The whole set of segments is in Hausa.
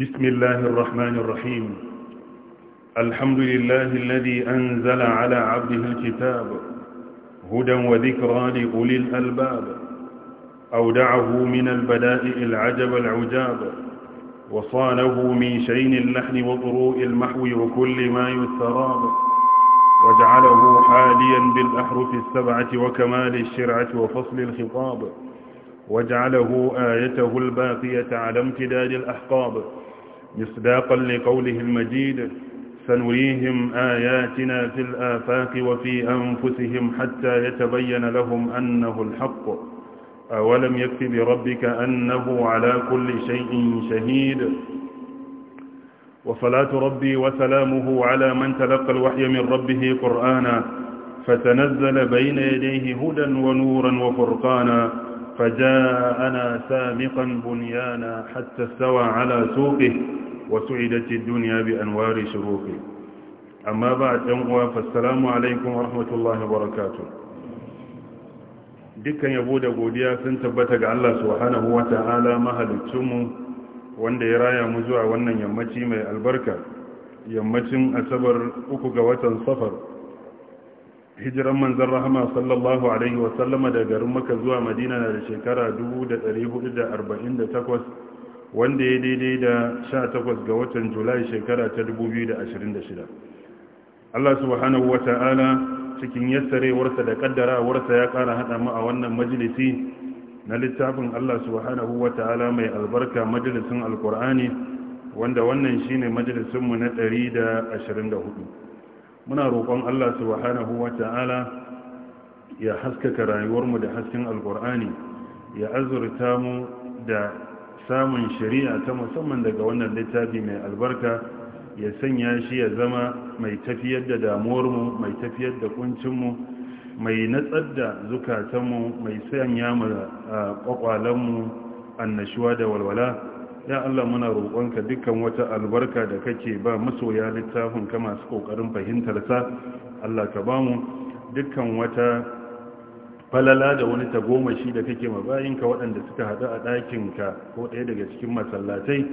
بسم الله الرحمن الرحيم الحمد لله الذي أنزل على عبده الكتاب هدى وذكرى لأولي الألباب أودعه من البدائع العجب العجاب وصانه من شين اللحن وضروء المحو وكل ما يستراب وجعله حاليا بالأحرف السبعة وكمال الشرعة وفصل الخطاب واجعله آيته الباقية على امتداد الأحقاب مصداقا لقوله المجيد سنريهم آياتنا في الآفاق وفي أنفسهم حتى يتبين لهم أنه الحق أولم يكتب بربك أنه على كل شيء شهيد وصلاة ربي وسلامه على من تلقى الوحي من ربه قرآنا فتنزل بين يديه هدى ونورا وفرقانا فجاءنا سامقا بنيانا حتى استوى على سوقه وسعدت الدنيا بأنوار شروقه أما بعد أنقوى فالسلام عليكم ورحمة الله وبركاته دكا يبود قوديا سنتبتك على سبحانه وتعالى مهل التمو وانده رايا مزوع وانا يمتي من البركة يمتي من أسبر أكوك وتنصفر hijiran manzan rahama sallallahu alaihi wasallama da garin maka zuwa madina na da shekara 1448 wanda ya daidai da 18 ga watan julai shekara ta 2026 allah subhanahu wa ta'ala cikin yassarewarsa da kaddarawarsa ya kara hada mu a wannan majalisi na littafin allah subhanahu wa ta'ala mai albarka majalisin alkur'ani wanda wannan shine majalisinmu na 124 muna roƙon Allah subhanahu wa ta'ala ya haskaka rayuwarmu da hasken alkur'ani ya azurta mu da samun shari'a ta musamman daga wannan littafi mai albarka ya sanya shi ya zama mai tafiyar da damuwar mu, mai tafiyar da kuncinmu mai natsar da zukatanmu mai sanya mu a kwakwalenmu annashuwa da walwala ya Allah muna roƙonka dukkan wata albarka da kake ba masoya littafin ka masu ƙoƙarin fahimtarsa Allah ka ba mu dukkan wata falala da wani tagomashi da kake mabayinka waɗanda suka haɗu a ɗakinka ko ɗaya daga cikin masallatai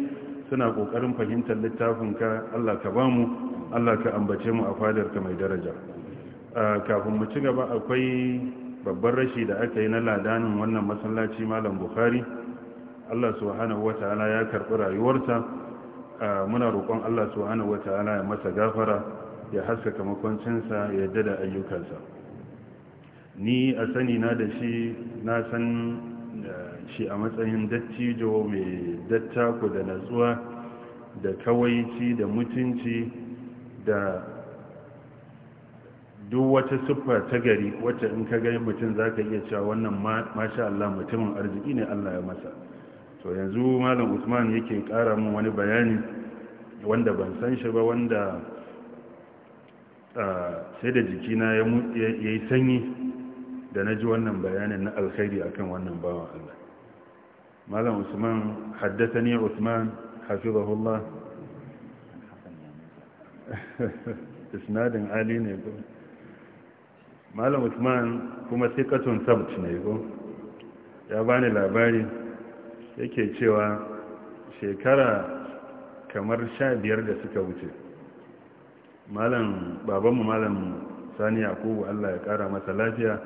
suna ƙoƙarin fahimtar littafinka Allah ka ba mu Allah ka ambace mu a fadarka mai daraja kafin mu ci gaba akwai babban rashi da aka yi na ladanin wannan masallaci malam bukhari Allah subhanahu wata'ala ya karɓi rayuwarta muna roƙon Allah subhanahu wata'ala ya masa gafara ya haskaka kamakoncinsa, ya yadda da ayyukansa ni a sani na da shi na san e, shi a matsayin dattijo mai dattako da natsuwa da kawaici da mutunci da duk wata siffa ta gari wacce in ka gani mutum za ka iya cewa wannan masha Allah mutumin arziki ne Allah ya masa to yanzu malam usman yake kara min wani bayani wanda ban san shi ba wanda ah, sai da jikina ya yi sanyi da na ji wannan bayanin na alkhairi akan wannan bawan Allah malam usman haddasa ne usman hafizahullah isnadin ali ne ko malam usman kuma sai katon sabt ne ko ya bani labari yake cewa shekara kamar sha biyar da suka wuce malam babanmu malam sani yakubu allah ya kara masa lafiya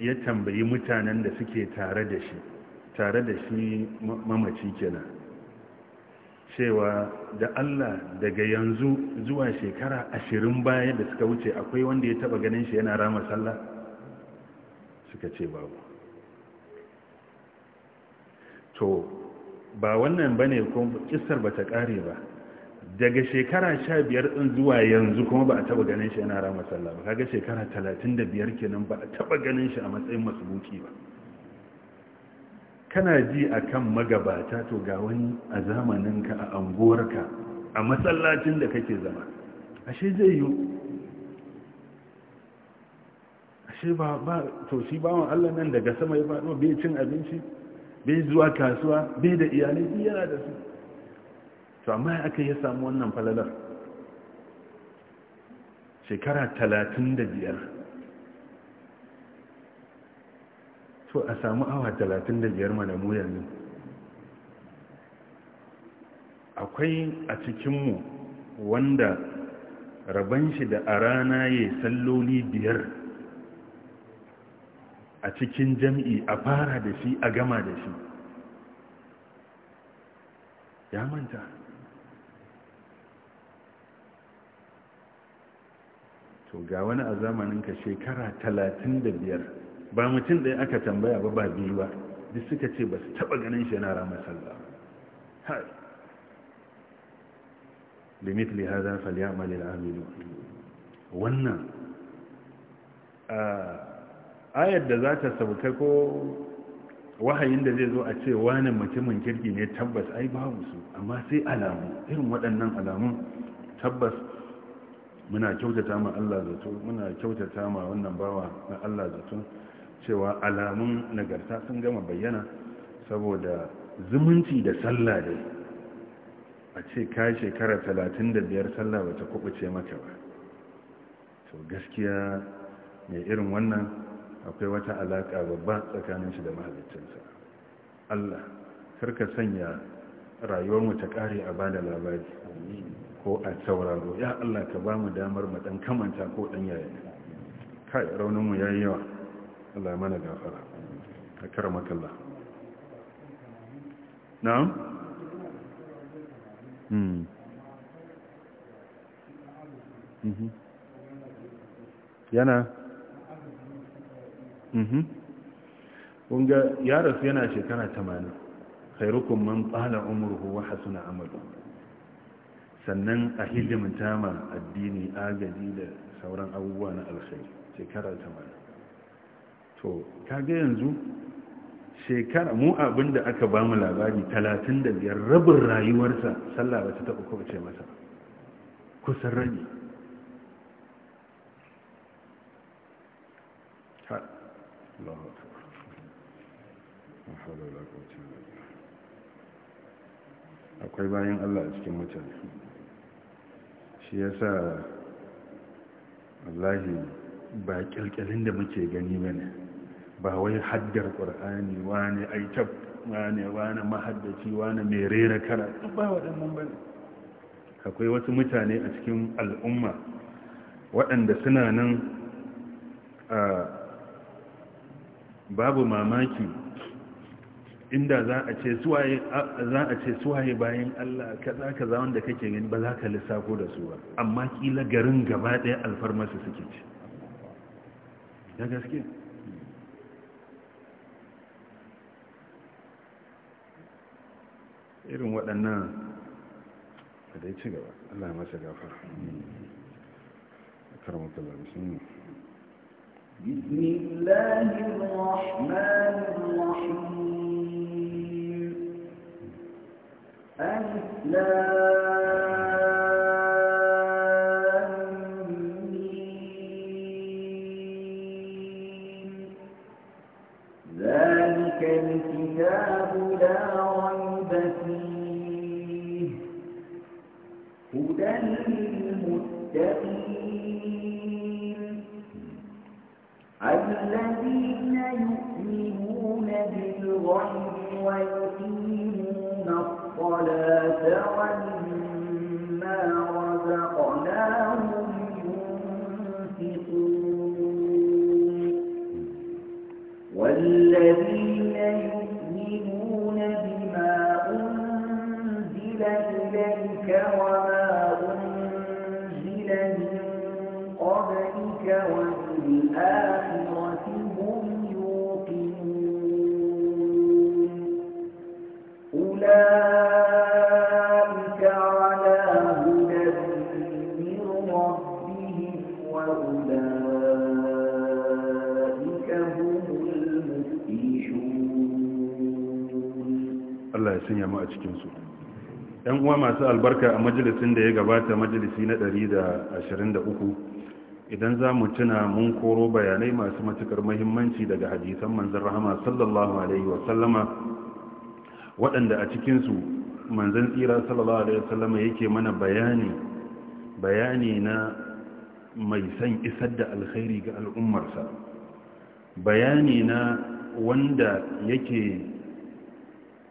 ya tambayi mutanen da suke tare da shi tare da shi mamaci kenan cewa da allah daga yanzu zuwa shekara ashirin baya da suka wuce akwai wanda ya taba ganin shi yana rama sallah suka ce babu to ba wannan ba ne kisar ba ta ƙare ba daga shekara sha biyar ɗin zuwa yanzu kuma ba a taɓa ganin shi yana rama sallah ba kaga shekara talatin da biyar kenan ba a taɓa ganin shi a matsayin masubuki ba kana ji a kan magabata to ga wani a zamaninka a anguwarka a matsalacin da kake zama ashe zai yi ashe ba to shi bawan allah nan daga sama ya faɗo bai cin abinci bai zuwa kasuwa bai da iyalai su yana da su to amma aka ya samu wannan falalar shekara talatin da biyar to a samu awa talatin da biyar malamu yanzu akwai a cikinmu wanda rabon shi da a rana ya yi salloli biyar a cikin jam'i a fara da shi a gama da shi ya manta to ga wani a zamaninka shekara talatin da biyar ba mutum ɗaya aka tambaya ba ba biyu ba duk suka ce ba su taɓa ganin shi yana ramar sallah har limit li haza wannan ah, ayar da za ta sauka ko wahayin da zai zo a ce wani mutumin kirki ne tabbas ai babu su amma sai alamu irin waɗannan alamun tabbas muna kyautata ma Allah zato muna kyautata ma wannan bawa na Allah zato cewa alamun nagarta sun gama bayyana saboda zumunci da sallah dai a ce ka shekara biyar sallah bata kubuce maka ba to gaskiya mai irin wannan akwai wata alaƙa babba tsakanin shi da mahaliccinsa. Allah karka sanya rayuwar mu ta ƙare a bada labari ko a sauraro ya Allah ka ba mu damar mu dan kamanta ko dan yaya kai raunin mu yayi yawa Allah mana gafara ka karama kalla na'am hmm mhm. yana Mhm. kunga ya rasu yana shekara 80 khairukum man tsala umruhu wa hasuna amalu sannan a hidimta ma addini agaji da sauran abubuwa na alkhairi shekara 80 to ga yanzu shekara mu abin da aka ba mu labari biyar rabin rayuwarsa sallah ba ta taɓa kowace masa kusan rabi akwai bayan allah a cikin mutane shi ya sa allahi ba kyalkyalin da muke gani mana ba wai haddar ƙwar'ani wane aitab wane wane mahaddaci wane mai rera kara ba waɗannan ne. akwai wasu mutane a cikin al'umma waɗanda suna nan a babu mamaki inda za a ce suwaye za a ce suwaye bayan Allah kaza kaza wanda kake gani ba za ka lissafo da suwa amma kila garin gaba ɗaya alfarmasu suke ci da gaske irin waɗannan da dai ci gaba Allah ya masa gafara karamar karamakallah bismillah بسم الله الرحمن الرحيم ألف الله ya a cikinsu ‘yan uwa masu albarka a majalisun da ya gabata majalisi na 123 idan za mu tuna mun koro bayanai masu matukar mahimmanci daga hadisan manzan rahama sallallahu alaihi wasallama waɗanda a cikinsu manzan tsira sallallahu alaihi wasallama yake mana bayani bayani na mai son isar da alkhairi ga al'ummarsa bayani na wanda yake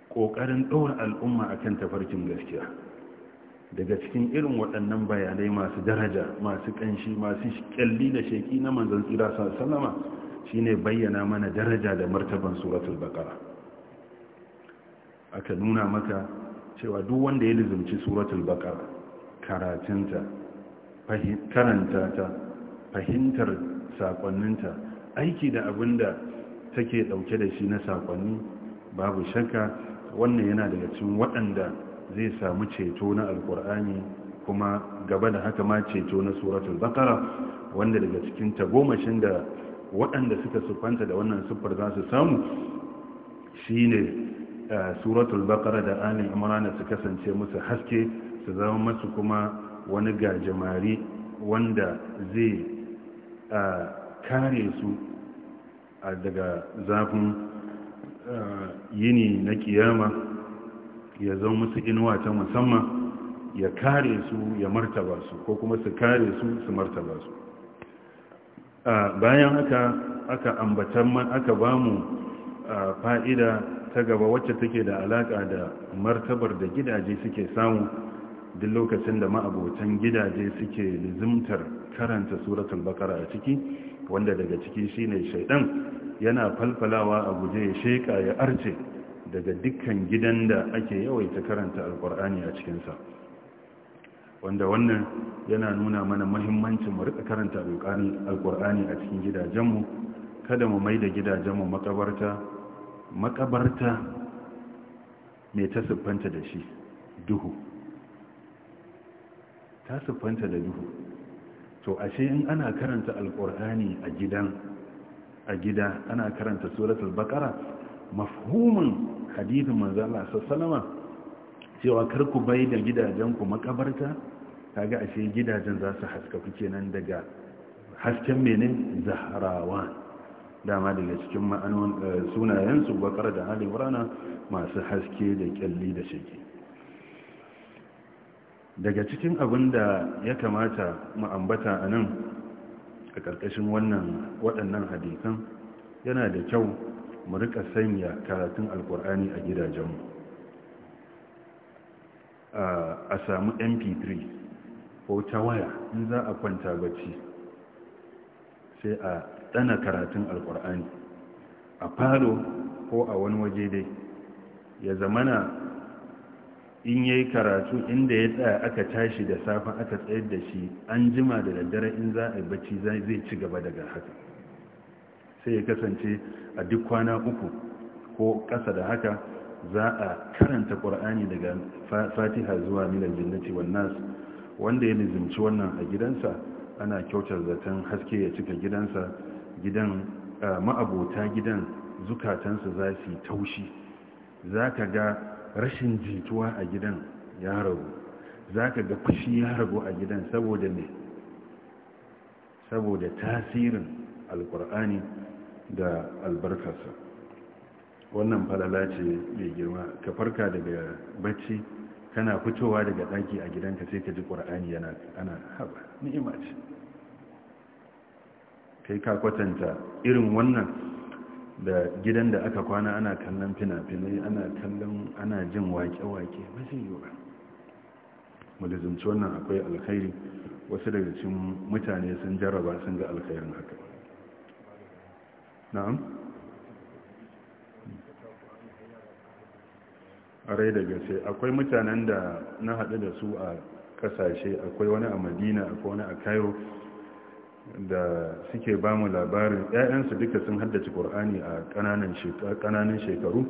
ƙoƙarin ɗora al'umma a kan tafarkin gaskiya daga cikin irin waɗannan bayanai masu daraja masu ƙanshi masu ƙyalli da sheƙi na manzan tsira sallama shine bayyana mana daraja da martaban suratul baƙara aka nuna maka cewa duk wanda ya lizumci suratul baƙara karatunta karanta ta fahimtar saƙonninta aiki da abin da take ɗauke da shi na saƙonni babu shakka wannan yana daga cikin waɗanda zai samu ceto na alkur'ani kuma gaba da haka ma ceto na suratul bakara wanda daga cikin ta tagomashin da waɗanda suka sufanta da wannan siffar za su samu shine eh, suratul bakara da alin amurana su kasance musu haske su zama masu kuma wani gajimari wanda zai eh, kare su daga zafin Eh, yini na kiyama ya zama musu inuwa ta musamman ya kare su ya martaba su ko kuma su kare su su martaba su eh, bayan haka aka ambatan man aka bamu eh, fa'ida ta gaba wacce take da alaƙa da martabar da gidaje suke samu duk lokacin da ma'abotan gidaje suke lizimtar karanta suratul bakara a ciki wanda daga ciki shine shaidan yana falfalawa a guje ya sheka ya arce daga dukkan gidan da ake yawaita karanta alkur'ani a cikinsa wanda wannan yana nuna mana mahimmancin mu rika karanta alkur'ani a cikin gidajenmu kada mu mai da gidajenmu makabarta makabarta mai ta siffanta da shi duhu ta siffanta da duhu to ashe in ana karanta alkur'ani a gidan a gida ana karanta suratul baqara mafhumin hadithin manzo Allah sallama cewa kar ku bai da gidajen ku makabarta kaga ashe gidajen za su haska ku kenan daga hasken mene zahrawan dama daga cikin ma'anon eh, sunayen su bakar da ali burana masu haske da kyalli da shige daga cikin abin da ya kamata mu ambata anan. a ƙarƙashin waɗannan hadisan yana da kyau mu rika sanya karatun alkur'ani a gidajenmu a samu mp3 ko ta waya in za a kwanta bacci sai a ɗana karatun alkur'ani a falo ko a wani waje dai ya zamana in yayi karatu inda ya tsaya aka tashi da safa aka tsayar da shi an jima da daddare in za a yi bacci zai ci gaba daga haka sai ya kasance a duk kwana uku ko ƙasa da haka za a karanta ƙur'ani daga fatiha zuwa milan jannati nas wanda ya nizimci wannan a gidansa ana kyautar zaton haske ya cika gidansa gidan eh, ma'abota gidan zukatansa za su yi taushi za ka ga rashin jituwa a gidan ya ragu za ka ga fushi ya ragu a gidan saboda ne saboda tasirin alkur'ani da albarkarsa wannan falala ce mai girma ka farka daga bacci kana fitowa daga daki a gidanka sai ka ji ƙur'ani yana ana haɓa ni'ima kai ka kwatanta irin wannan da gidan da aka kwana ana kallon fina-finai ana kallon ana jin wake-wake ba zai yi ba wannan akwai alkhairi wasu daga cikin mutane sun jarraba sun ga alkhairin haka na'am a rai da gaske akwai mutanen da na haɗu da su a ƙasashe akwai wani a madina akwai wani a cairo da suke ba mu labarin 'ya'yansu duka sun haddace ƙorani a ƙananan shekaru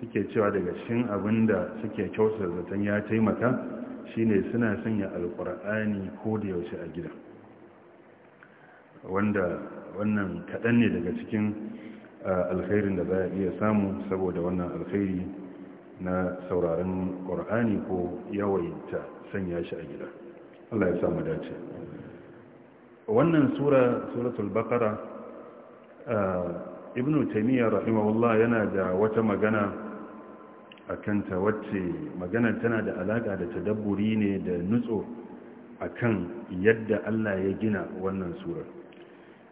suke cewa daga cikin abin da suke kyautar zaton ya taimaka shine suna sanya alƙorani ko da yaushe a gida wanda wannan kaɗan ne daga cikin alkhairin da za a iya samu saboda wannan alkhairi na sauraron ƙorani ko ta sanya shi a gida Allah ya samu dace wannan sura suratul baqara eh, ibnu taymiya rahimahullah yana da wata magana akan ta wacce magana tana da alaka da tadabburi ne da nutso akan yadda Allah ya gina wannan sura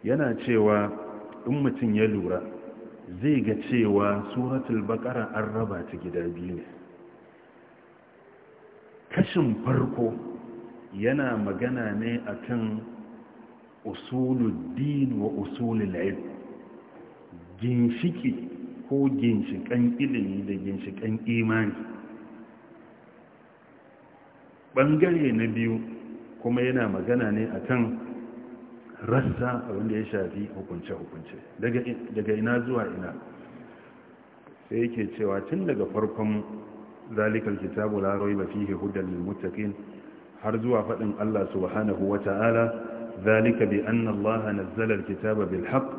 yana cewa in mutum ya lura zai ga cewa suratul baqara an raba ta gida biyu ne kashin farko yana magana ne akan usuluddin wa usulul ilm ginshiki ko ginshikan ilimi da ginshikan imani bangare na biyu kuma yana magana ne akan rassa wanda ya shafi hukunce-hukunce daga ina zuwa ina sai yake cewa tun daga farkon zalikar kitabu Larai ba fihe hudar lilmuttakin har zuwa faɗin Allah subhanahu wa ta'ala ذلك بأن الله نزل الكتاب بالحق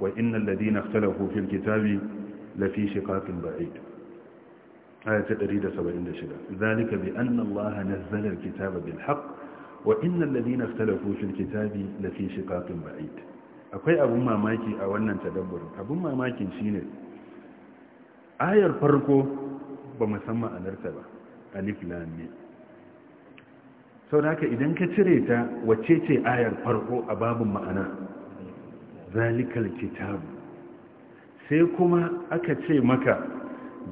وإن الذين اختلفوا في الكتاب لفي شقاق بعيد آية تقريدة سبعين شقاق ذلك بأن الله نزل الكتاب بالحق وإن الذين اختلفوا في الكتاب لفي شقاق بعيد akwai abun mamaki a wannan tadabburin abun mamakin shine ayar farko ba musamman anarta ba alif lam mim sau da haka idan ka cire ta wacce ce ayar farko a babin ma'ana zalikal kitabu sai kuma aka ce maka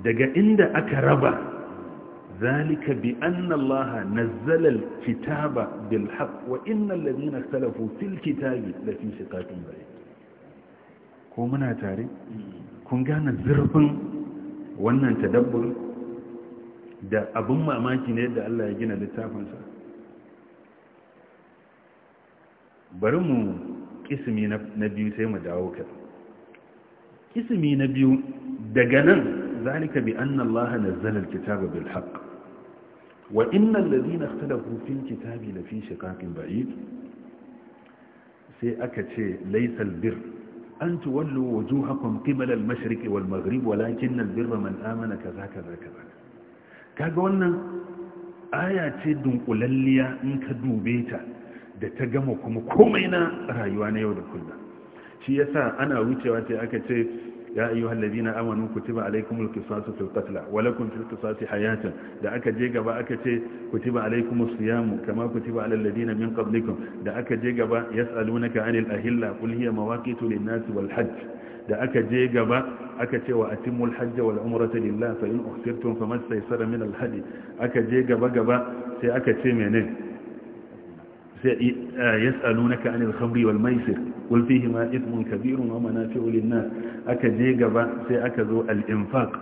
daga inda aka raba zalika bi annallaha nazzala kitaba bil haqq wa innal ladina salafu fil kitabi la fi shiqaqin bayt ko muna tare kun gane zurfin wannan tadabbur da abin mamaki ne da Allah ya gina littafinsa bari mu kisimi na biyu sai mu dawo ka kisimi na biyu daga nan zalika bi anna Allah nazzala al-kitaba bil haqq wa inna alladhina ikhtalafu fil kitabi la fi shiqaqin ba'id sai aka ce laysa al-bir an tuwallu wujuhakum qibala al-mashriq wal maghrib walakin al-birra man amana kaza kaza kaza kaga wannan aya ce dunkulalliya in ka dube ta da ta gama kuma komai na rayuwa na yau da kullum shi yasa ana wucewa sai aka ce ya ayyuha alladhina amanu kutiba alaykumul qisasu fil qatl wa lakum fil qisasi hayatun da aka je gaba aka ce kutiba alaykumus siyamu kama kutiba alal ladina min qablikum da aka je gaba yasalunaka anil ahilla qul hiya mawaqitu lin nas wal hajj da aka je gaba aka ce wa atimul hajj wal umrata lillah fa in uhsirtum famastaysara min al hadi aka je gaba gaba sai aka ce menene Eh, yas'alunaka anil khamri wal maisir wal fihi ma ithmun kabirun wa manafi'u lin nas aka je gaba sai aka zo al infaq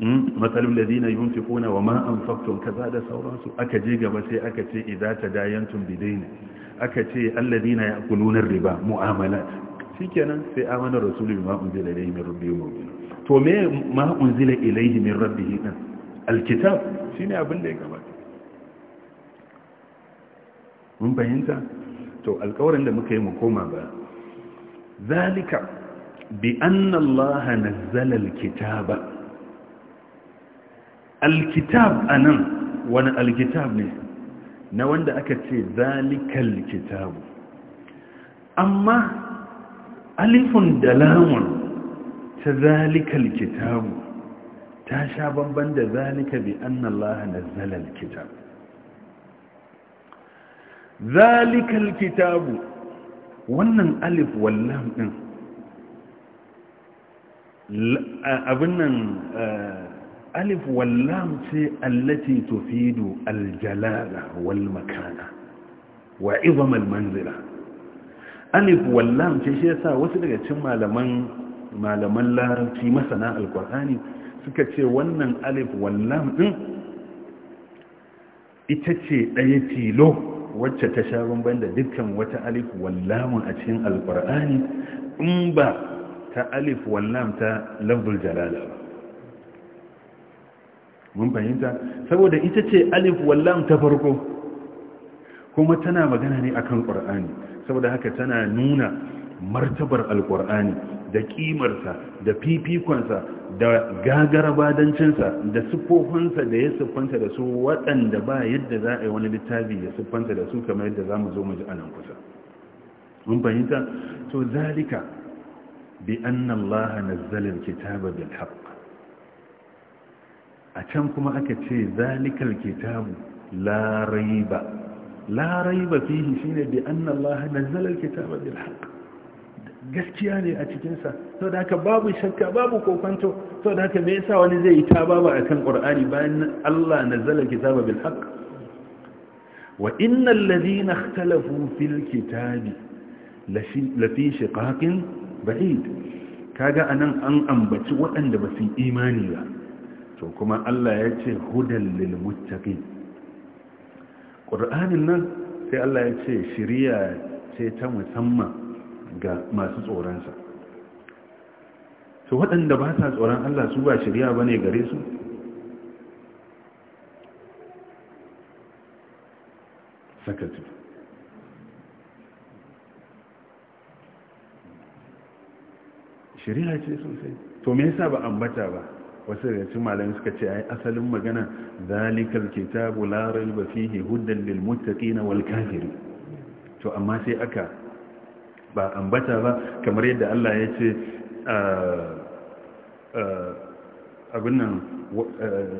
hmm? matsalin ladina yunfiquna wa ma anfaqtum kaza da sauransu aka je gaba sai aka ce idza tadayantum bidayn aka ce alladina ya'kuluna riba mu'amalat shikenan sai amana rasulullahi ma unzila ilayhi min rabbihi mu'min to me ma unzila ilayhi min rabbihi alkitab shine abin da ya gabata mun fahimta to alƙawarin da muka yi mu koma ba zalika bi anna allaha nazzala alkitaba alkitab anan wani alkitab ne na wanda aka ce zalikal kitabu amma alifun da ta zalikal kitabu ta sha bambam da zalika bi anna allaha nazzala alkitaba zalikal kitabu wannan alif wallam din abin nan alif wallam ce allati tufidu aljalala wal makana wa izamal manzila alif wallam ce shi yasa wasu daga cikin malaman malaman larabci masana alqur'ani suka ce wannan alif wallam din ita ce ɗaya tilo wacce ta sha bamban da dukkan wata alif wallamun a cikin alkur'ani in ba ta alif wallam ta lafzul jalala ba mun fahimta saboda ita ce alif wallam ta farko kuma tana magana ne akan qur'ani saboda haka tana nuna martabar alkur'ani da kimarsa da fifikonsa da gagarabadancin da siffofinsa da ya siffanta da su waɗanda ba yadda za a yi wani littafi ya siffanta da su kamar yadda za mu zo mu ji anan kusa mun fahimta to zalika bi anna allaha zalar kitabar bil a can kuma aka ce zalikal kitabu la raiba la raiba fihi shine bi anna allaha nazzala alkitaba bil haqq gaskiya ne a cikinsa sau da haka babu shakka babu kokwanto sau da haka mai yasa wani zai yi ta babu a kan ƙwar'ani bayan allah na zala ba bil haq wa innan na talafu fil kitabi lafi shiqaqin ba'id ga anan an ambaci waɗanda ba su imani ba to kuma allah ya ce hudan lil ƙwar'anin nan sai allah ya ce shiriya ce ta musamman ga masu tsoronsa su waɗanda ba sa tsoron Allah su ba shirya ba ne gare su sakatu shirya ce sosai to me yasa ba ambata ba wasu da cin malami suka ce ai asalin magana zalikal kitabu la raiba fihi hudan lil muttaqin wal kafirin to amma sai aka ba ambata ba kamar yadda Allah ya ce ah, ah, abin nan eh,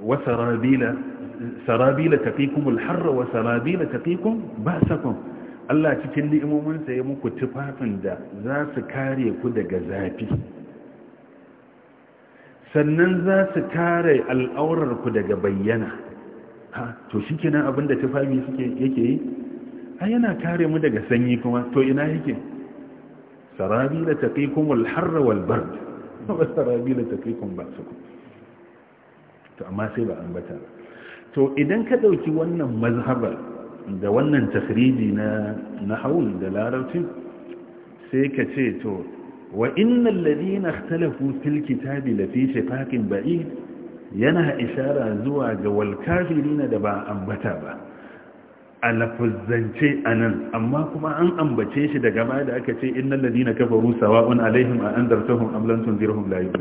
wa sarabila sarabila taqikumul wa sarabila taqikum ba'sakum Allah cikin ni'imomin sa ya muku tufafin da za su kare ku daga zafi sannan za su kare al'aurar ku daga bayyana ha to shikenan abinda tufafi suke yake yi A yana kare mu daga sanyi kuma to ina yake sarabi la taqikum al-harra wal-bard wa sarabi da ba su ku. to amma sai ba ambata to idan ka ɗauki wannan mazhabar da wannan tahriji na nahawul da larabci sai ka ce to wa innal ladina ikhtalafu fil kitabi la fi shiqaqin ba'i yana isara zuwa ga wal kafirina da ba ambata ba a lafazzance a nan amma kuma an ambace shi daga ma da aka ce innan kafa kafaru wani alaihim a an zartahun amlantun zirhun layu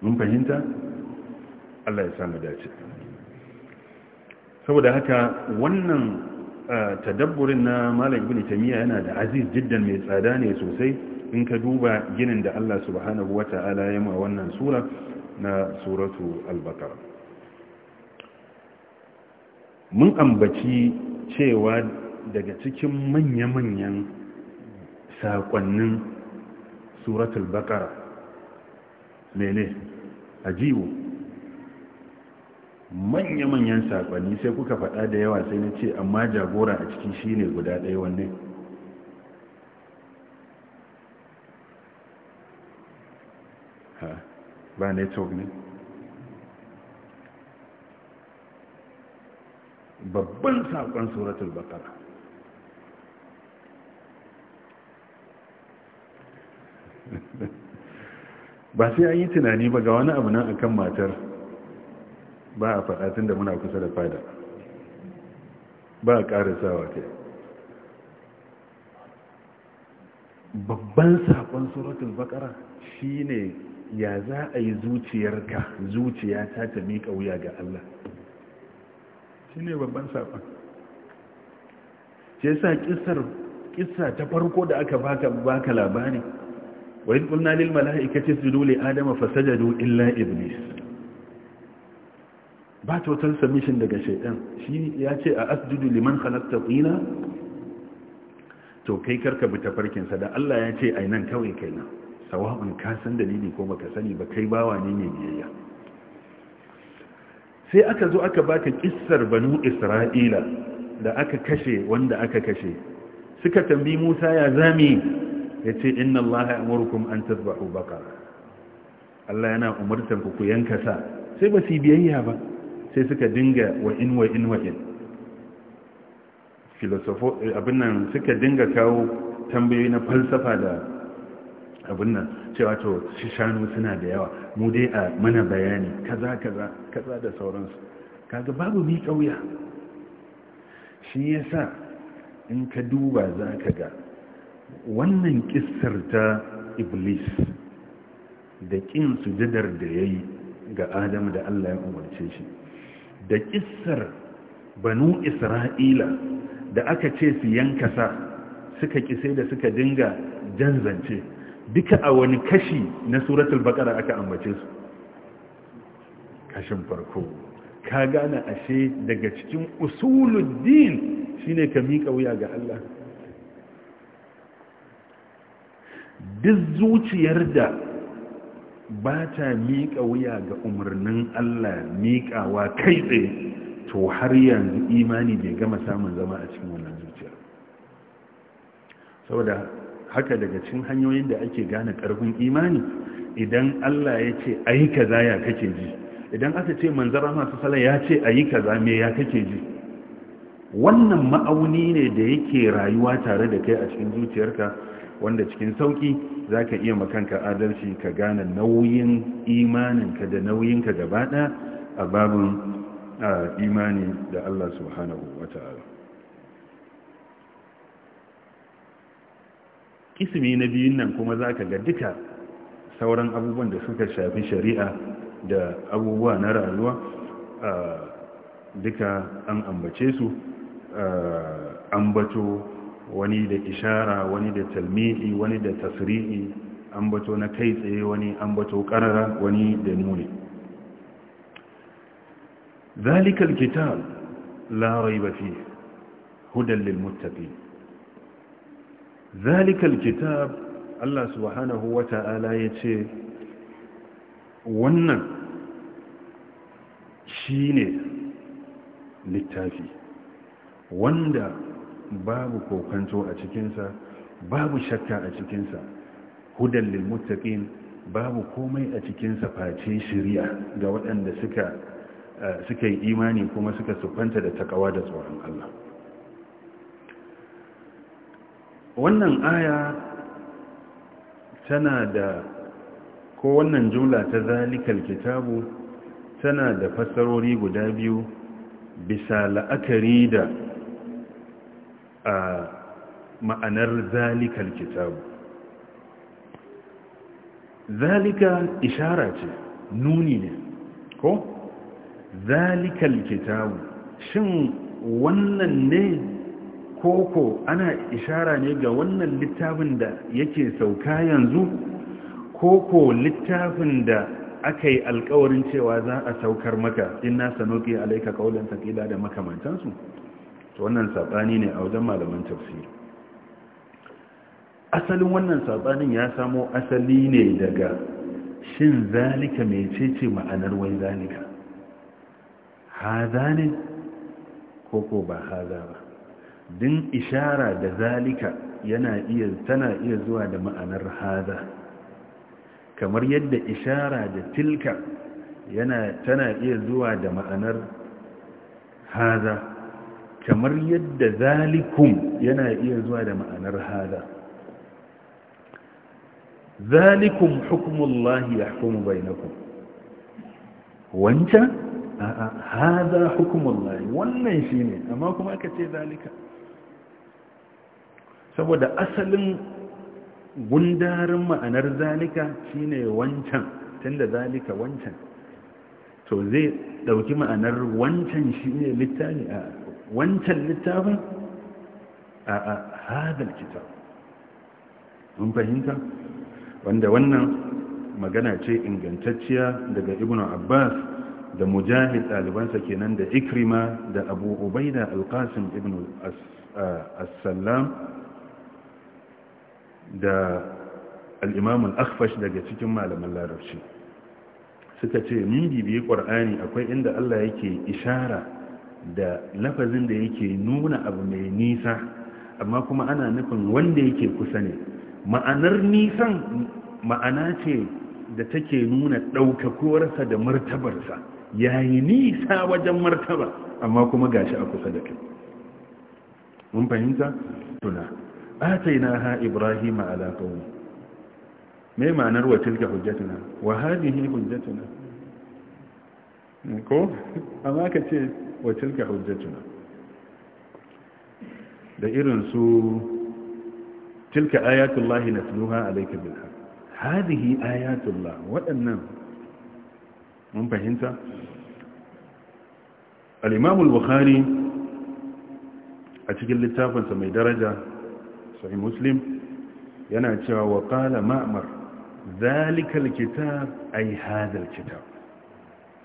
mun fahimta Allah ya samu dace saboda haka wannan tadabburin na malam ibn tamiya yana da aziz jiddan mai tsada ne sosai in ka duba ginin da Allah subhanahu wata'ala ya ma wannan sura na suratu al-baqarah mun ambaci cewa daga cikin manya-manyan saƙonnin suratul baƙara mene ajiyu manya-manyan saƙonni sai kuka faɗa da yawa sai na ce amma jagora a cikin shi ne guda ɗaya wanne ba network ne babban saƙon suratul bakara ba sai an yi tunani ba ga wani abu nan akan matar ba a faɗa tun da muna kusa da fada ba a ƙarisawa kai babban saƙon suratul bakara shine ya za a yi zuciyarka zuciya ta ta miƙa wuya ga Allah Shi ne babban saƙon shi yasa kisar ta farko da aka baka baka labari wa in qulna lil mala'ikati isjudu li adama fasajadu illa iblis ba total submission daga shaytan shi ya ce a asjudu liman khalaqta tina to kai karka bi tafarkin sa da Allah ya ce ai nan kawai kai na sawa'un ka san dalili ko baka sani ba kai bawa ne mai biyayya sai aka zo aka baka kissar banu isra'ila da aka kashe wanda aka kashe suka tambi musa ya zami ya ce inna allah ya amurkum an tasbahu baqara allah yana umurtan ku ku yanka sa sai ba su biyayya ba sai suka dinga wa in wa in wa in filosofo eh, abin nan suka dinga kawo tambayoyi na falsafa da abin nan cewa to shanu suna da yawa mu dai a mana bayani kaza kaza kaza da sauransu kaga babu mi kauya shi yasa in ka duba za ka ga wannan kissar ta iblis da kin sujadar da ya yi ga adam da allah ya umarce shi da kissar banu isra'ila da aka ce su yankasa suka kise da suka dinga janzance duka a wani kashi na suratul a aka ambace su kashin farko ka gane ashe daga cikin usuluddin shine ka mika wuya ga Allah duk zuciyar da ba ta mika wuya ga umarnin Allah miƙawa kai tsaye to har yanzu imani bai gama samun zama a cikin wannan zuciyar saboda haka daga cikin hanyoyin da ake gane ƙarfin imani idan Allah ya ce ai kaza ya kake ji idan aka ce manzara masu salon ya ce a yi kaza me ya kake ji wannan ma'auni ne da yake rayuwa tare da kai a cikin zuciyarka wanda cikin sauki za ka iya makanka adalci ka gane nauyin imaninka da nauyinka gaba ɗaya a babin imani da Allah subhanahu wa ta'ala ismi na biyun nan kuma za ka ga duka sauran abubuwan da suka shafi shari'a da abubuwa na rayuwa duka an ambace su ambato wani da ishara wani da talmihi wani da tasri'i ambato na kai tsaye wani ambato karara wani da nuni zalikal kitab la raiba fi hudan lil muttaqin zalikal kitab Allah subhanahu wata'ala yace wannan shi ne littafi wanda babu kokanto a cikinsa babu shakka a cikinsa hudan lilmuttaqin babu komai a cikinsa face shari'a ga waɗanda suka eh, suka yi imani kuma suka sufanta da takawa da tsoron Allah wannan aya tana da ko wannan jumla ta zalikal kitabu tana da fasarori guda biyu bisa la'akari da a ma'anar zalikal kitabu zalika ishara ce nuni ne ko zalikal kitabu shin wannan ne koko ana ishara ne ga wannan littafin da yake sauka yanzu koko littafin da aka yi alkawarin cewa za a saukar maka in inna sanoki alaika qaulan saqila da makamantansu to wannan sabani ne a wajen malaman tafsiri asalin wannan sabanin ya samo asali ne daga shin zalika mecece ma'anar wai zalika haza ne koko ba haza ba din ishara da zalika yana iya tana iya zuwa da ma'anar haza kamar yadda ishara da tilka yana tana iya zuwa da ma'anar haza kamar yadda zalikum yana iya zuwa da ma'anar haza zalikum hukumullahi ya hukumu bainakum wancan haza hukumullahi wannan shine amma kuma aka ce zalika saboda asalin gundarin ma'anar zalika shine wancan tunda zalika wancan to zai dauki ma'anar wancan shine littafi a wancan littafin a a hadal kitab mun fahimta wanda wannan magana ce ingantacciya daga ibnu abbas da mujahid ɗalibansa kenan da ikrima da abu ubaida alqasim ibnu as-sallam da al'imamun akfash daga cikin malaman larabci suka ce min bibiyi ƙwar'ani akwai inda allah yake ishara da lafazin da yake nuna abu mai nisa amma kuma ana nufin wanda yake kusa ne ma'anar nisan ma'ana ce da take nuna ɗaukakowarsa da martabarsa yayi nisa wajen martaba amma kuma gashi a kusa da kai mun fahimta tuna atainaha ibrahim ala qaumi me ma'anar wa tilka hujjatuna wa hadhihi hujjatuna ko amma ka ce wa tilka hujjatuna da irin su tilka ayatullahi natluha alayka bil haqq hadhihi waɗannan mun fahimta al bukhari a cikin littafinsa mai daraja sahih muslim yana cewa wa qala ma'mar zalikal kitab ay hadal kitab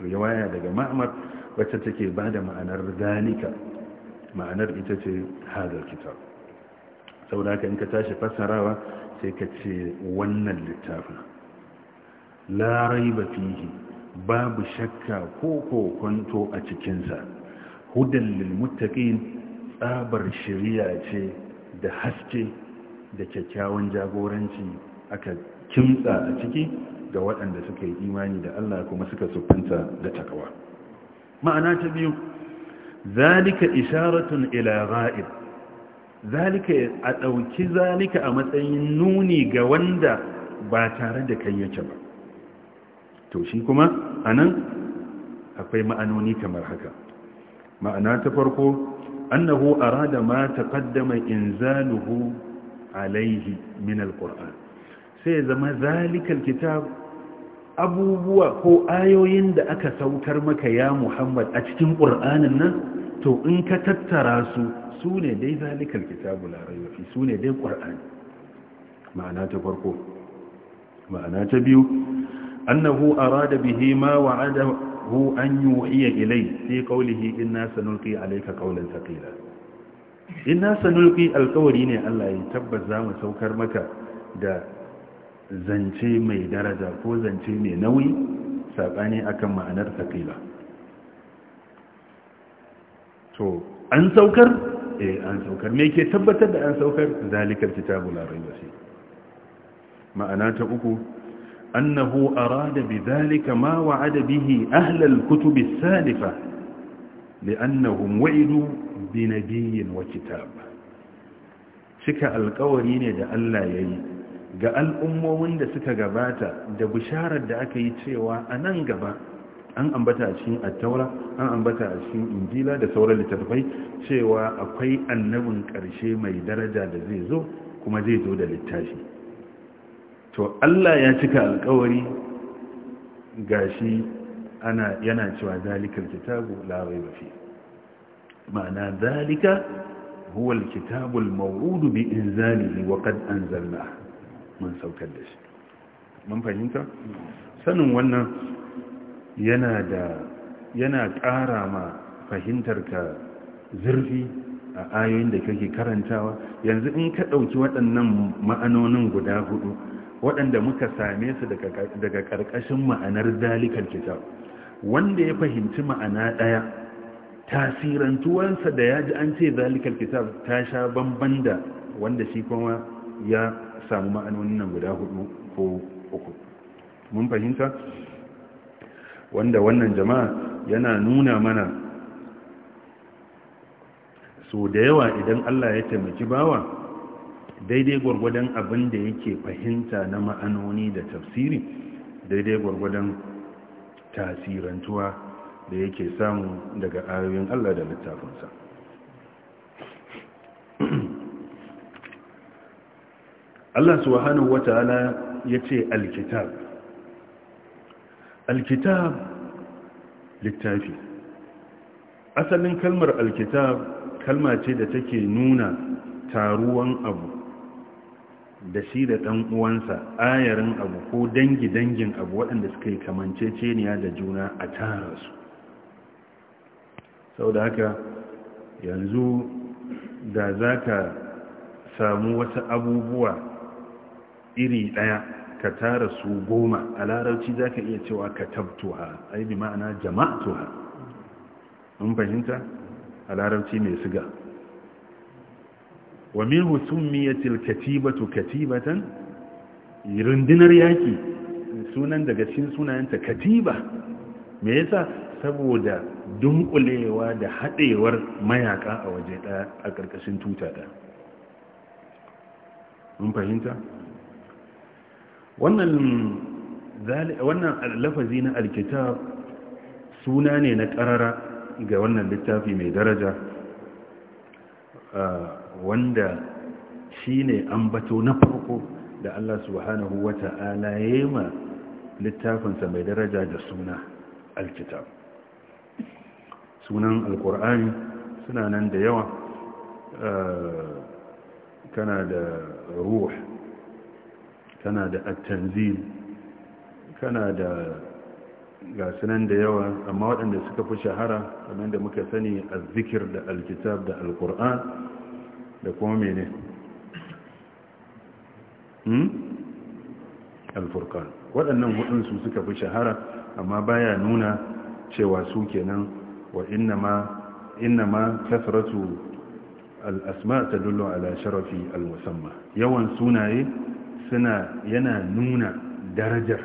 riwaya daga ma'mar wacce take bada ma'anar zalika ma'anar ita ce hadal kitab saboda haka in ka tashi fassarawa sai ka ce wannan littafin la raiba fihi babu shakka ko kokonto a cikinsa hudan lil tsabar shari'a ce da haske da kyakkyawan jagoranci aka kimtsa a ciki ga waɗanda suka yi imani da Allah kuma suka siffanta da takawa ma'ana ta biyu zalika isharatun ila ra'id zalika a ɗauki zalika a matsayin nuni ga wanda ba tare da kai yake ba to shi kuma nan, akwai ma'anoni kamar haka ma'ana ta farko annahu arada ma taqaddama inzaluhu alaihi min alquran sai zama zalikal kitab abubuwa ko ayoyin da aka sautar maka ya Muhammad a cikin qur'anin nan to in ka tattara su su ne dai zalikal kitabu la rayba fi su ne dai qur'ani ma'ana ta farko ma'ana ta biyu annahu arada bihi ma wa'ada hu an yi yu'iya ilai fi qawlihi inna alaika kaulin qawlan In na sanulqi alkawari ne Allah ya tabbas za mu saukar maka da zance mai daraja ko zance mai nauyi a akan ma'anar thaqila to an saukar eh an saukar me ke tabbatar da an saukar zalikar kitabu la rayba fi ma'ana ta uku أنه أراد بذلك ما وعد به أهل الكتب السالفة لأنهم وعدوا بنبي وكتاب شكا القورين دا ألا يلي ga al'ummomin da suka gabata da bisharar da aka yi cewa a nan gaba an ambata a cikin attaura an ambata a cikin injila da sauran littattafai cewa akwai annabin ƙarshe mai daraja da zai zo kuma zai zo da littafi to Allah ya cika alkawari gashi ana yana cewa zalikal kitabu la raiba fi ma'ana zalika huwa alkitabu mawrud bi inzalihi wa qad anzalna mun saukar da shi mun fahimta sanin wannan yana da yana ƙara ma fahimtarka zurfi a ayoyin da kake karantawa yanzu in ka ɗauki waɗannan ma'anonin guda hudu waɗanda muka same su daga ƙarƙashin ma'anar dalikar kitab wanda ya fahimci ma'ana ɗaya tasirantuwansa da ya ji an ce dalikar kitab ta sha bamban da wanda shi kuma ya samu ma'anonin nan guda hudu ko uku mun fahimta wanda wannan jama'a yana nuna mana so da yawa idan Allah ya taimaki bawa daidai gwargwadon abin da yake fahimta na ma'anoni da tafsiri daidai gwargwadon tasirantuwa da yake samu daga ayoyin Allah da littafinsa Allah subhanahu wata'ala ce alkitab alkitab littafi asalin kalmar alkitab kalma ce da take nuna taruwan abu da shi da ɗan uwansa ayarin abu ko dangi-dangin abu waɗanda suka yi kamanceceniya da juna a tara su sau da haka yanzu da za ka samu wata abubuwa iri ɗaya ka tara su goma a larabci za ka iya cewa ka tabtuwa ai bi ma'ana jama'atuwa in fahimta a larabci mai siga wa min summiyatil katibatu katibatan rundunar yaki sunan daga cikin sunayenta katiba me yasa saboda dunkulewa da hadewar mayaka a waje daya a karkashin tuta da? mun fahimta wannan wannan lafazi na alkitab suna ne na karara ga wannan littafi mai daraja ah, wanda shi shine bato na farko da Allah subhanahu yi ma littafinsa mai daraja da suna alkitab sunan alkur'ani suna nan da yawa kana eh, da ruh kana da attanzil kana da gasu nan da yawa amma waɗanda suka fi shahara kamar da muka sani zikir da alkitab da alkur'an da kuma mene hmm? alfurkan waɗannan hudunsu suka fi shahara amma baya nuna cewa su kenan wa inna ma kasratu al'asma ta dullo ala sharafi yawan sunaye suna yana nuna darajar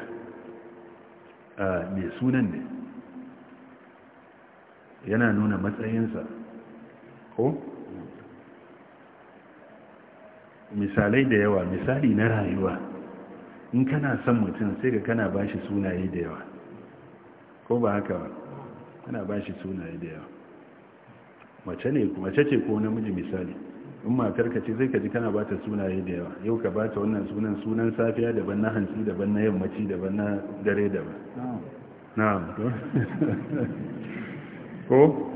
mai sunan ne yana nuna matsayinsa ko misalai da yawa misali na rayuwa in kana son mutum sai ka kana ba shi sunaye da yawa ko ba haka ba kana ba shi sunaye da yawa mace ne mace ce ko namiji misali in matar ka ce sai ka ji kana ba sunaye da yawa yau ka bata wannan sunan sunan safiya daban na hantsi daban na yammaci daban na dare daban na'am ko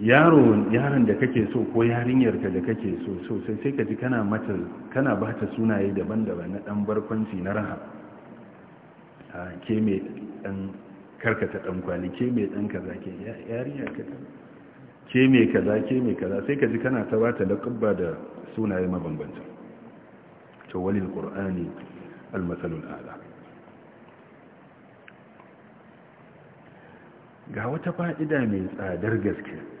yaro yaron da kake so ko yarinyarka da kake so so sai sai ka ji kana mata kana ba ta sunaye daban-daban na dan barkwanci na raha a ke mai dan karkata dan kwali ke mai dan kaza ke yarinyar ka ke mai kaza ke mai kaza sai ka ji kana ta ba ta laqaba da sunaye mabambanta to walil qur'ani al a'la ga wata fa'ida mai tsadar gaske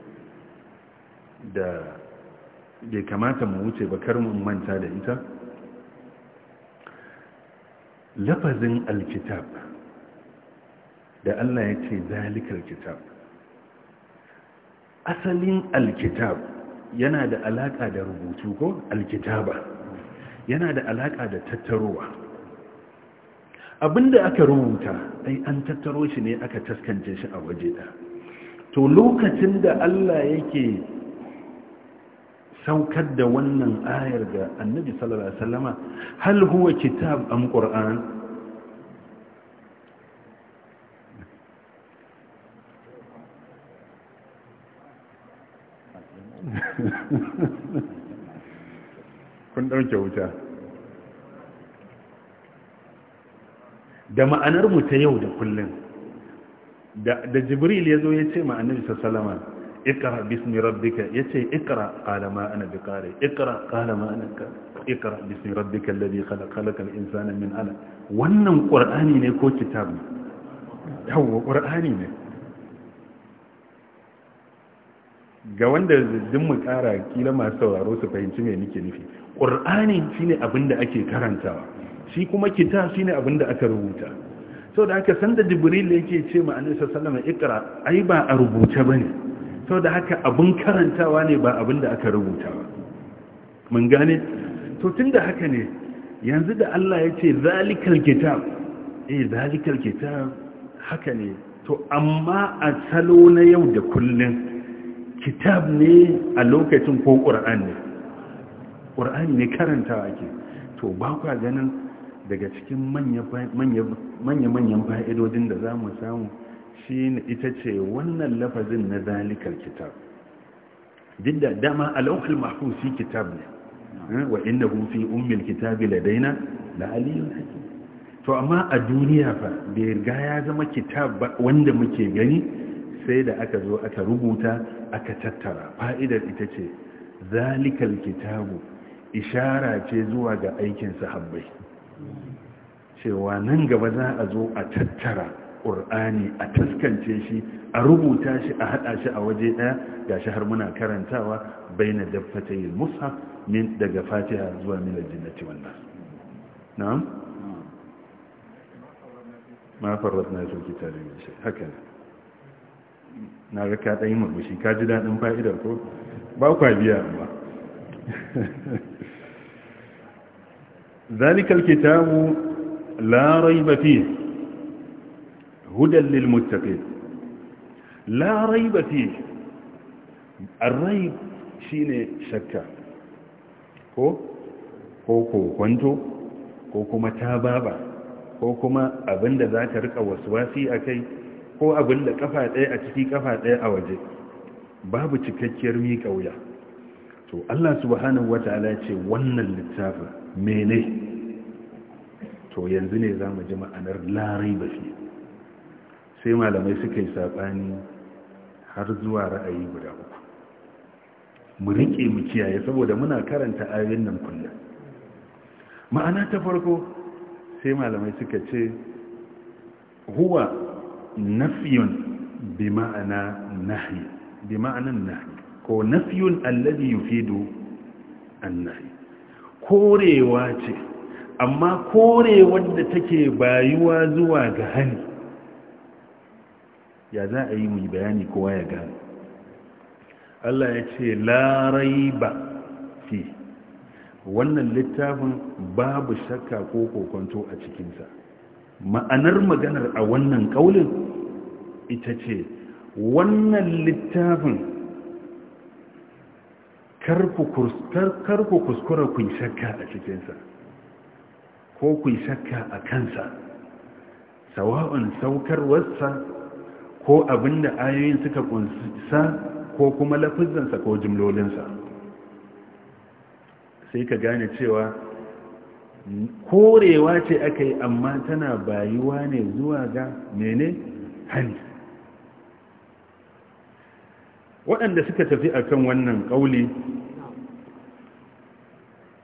da bai kamata mu wuce ba kar mu manta da ita lafazin alkitab da Allah ya ce zalikar kitab asalin alkitab yana da alaka da rubutu ko alkitaba yana da alaƙa da tattarowa abinda aka rubuta ai an tattaro shi ne aka taskance shi a waje da to lokacin da Allah yake saukar da wannan ayar ga annabi sallallahu alaihi wasallama hal huwa kitab am qur'an kun dauke wuta da ma'anar mu ta yau da kullum da jibril ya zo ya ce ma annabi sallallahu alaihi wasallama ikra bismi rabbika yace ikra qala ma ana biqari ikra qala ma ana ikra bismi rabbika alladhi khalaqa al insana min ala. wannan qur'ani ne ko kitab ne yawa qur'ani ne ga wanda zin mu kara kila masu sauraro su fahimci me nake nufi qur'ani shine abinda ake karantawa shi kuma kitab shine abinda aka rubuta sau da aka sanda jibril yake ce ma annabi sallallahu alaihi wasallam ikra ai ba a rubuce bane sau da haka abun karantawa ne ba abin da aka rubuta ba mun gane to tun da haka ne yanzu da Allah ya ce zalikal kitab eh zalikal kitab haka ne to amma a salo na yau da kullun kitab ne a lokacin ko qur'an ne qur'an ne karantawa ke to ba kwa ganin daga cikin manya-manyan fa'idodin da zamu samu shi ita ce wannan lafazin na zalikar kitab duk da dama al'ukul mahfusi kitab ne wa inda fi ummil kitabi ladaina la aliyun hakim to amma a duniya fa bai riga ya zama kitab wanda muke gani sai da aka zo aka rubuta aka tattara fa'idar ita ce zalikal kitabu ishara ce zuwa ga aikin sahabbai cewa nan gaba za a zo a tattara ƙur'ani a taskance shi a rubuta shi a haɗa shi a waje ɗaya ga shi har muna karantawa bai na dafata yin musa min daga fatiha zuwa milar jinnati wannan na'am ma farar na soki tare da shi haka na ga ka ɗayin murmushi ka ji daɗin fa'idar ko ba kwa biya ba ذلك الكتاب لا ريب فيه hudan lil larai la raiba fihi ar shine shakka ko ko kwanto ko kuma tababa ko kuma abinda za ta rika waswasi akai ko abinda ƙafa ɗaya a ciki kafa ɗaya a waje babu cikakkiyar miƙa wuya to Allah subhanahu wata'ala ce wannan littafin mene to yanzu ne za mu ji ma'anar larai ba sai malamai suka yi saɓani har zuwa ra'ayi guda uku mu riƙe mu kiyaye saboda muna karanta ayoyin nan kullum ma'ana ta farko sai malamai suka ce huwa nafiyun bi ma'ana nahi bi ma'anan nahi ko nafiyun alladhi yufidu annahi korewa ce amma korewar da take bayuwa zuwa ga hani ya za a yi mai bayani kowa ya gani Allah ya ce larai ba fi wannan littafin babu shakka ko kokonto a cikinsa ma'anar maganar a wannan kaulin ita ce wannan littafin karku kuskura kun shakka a cikinsa ko kun shakka a kansa sawa'un saukarwarsa ko abin da ayoyin suka kunsa ko kuma lafizansa ko jimlolinsa sai ka gane cewa korewa ce aka yi amma tana bayuwa ne zuwa ga mene hannu waɗanda suka tafi akan wannan ƙauli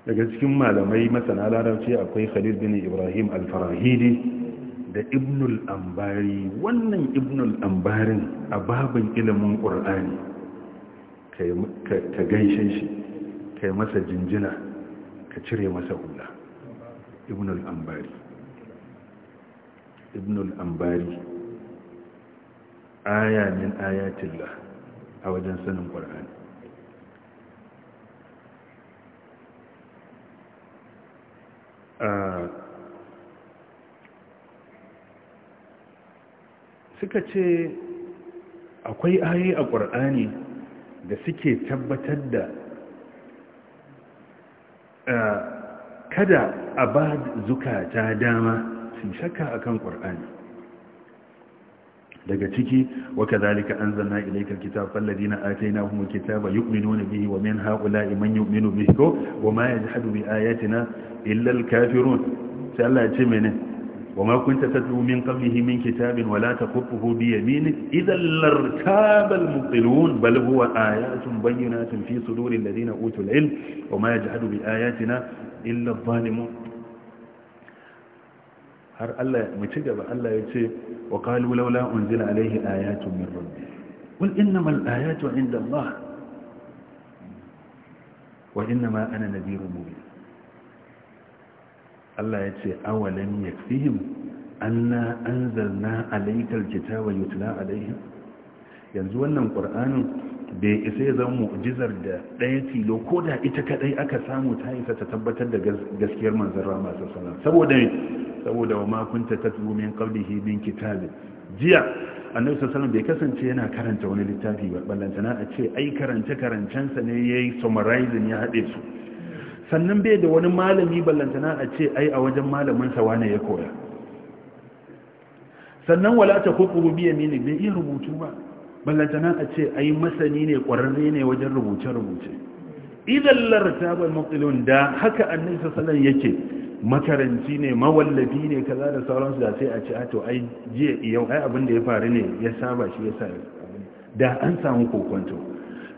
daga cikin malamai masana larabci akwai khalid bin ibrahim al-farahidi da ibnul ambari wannan ibnul ambarin a babin ilimin ƙur'ani ka gaishe shi ka yi masa jinjina ka cire masa hula ibnul ambari ibnul ambari aya min a wajen sanin ƙur'ani ah, suka ce akwai ayi a ƙwar'ani da suke tabbatar da eh, kada a ba zukata dama su shakka akan ƙwar'ani daga ciki waka zalika an zana ilaikar kitab fallazi na atai na kuma na bihi wa min haƙula iman yu'minu bihi ko wa ma ya ji haɗu bi ayatina illal kafirun sai Allah ya ce ne. وما كنت تتلو من قبله من كتاب ولا تقفه بيمينك إذا لارتاب المبطلون بل هو آيات بينات في صدور الذين أوتوا العلم وما يجهد بآياتنا إلا الظالمون هر الله متجب الله يتي وقالوا لولا أنزل عليه آيات من ربه قل إنما الآيات عند الله وإنما أنا نذير مبين Allah ya ce na zarna a laikar anzalna alaykal kitaba a alaihim yanzu wannan ƙur'anin bai isa ya zama mu'jizar da ɗaya tilo ko da ita kaɗai aka samu ta isa ta tabbatar da gaskiyar manzara rama sana saboda saboda wa makunta ta tatlu min qablihi min kitabin jiya annabi sana bai kasance yana karanta wani littafi ba ballantana a ce ai karance karancensa ne ya yi summarizing ya haɗe su sannan bai da wani malami ballantana a ce ai a wajen malaminsa wane ya koya sannan wala ta kuku biya mini bai iya rubutu ba ballantana a ce ai masani ne ƙwararre ne wajen rubuce-rubuce idan lartabar matsalon da haka annin sassanan yake makaranci ne mawallafi ne kaza da sauran su da sai a ce ato ai jiya yau ai abin da ya faru ne ya saba shi ya sa da an samu kokonto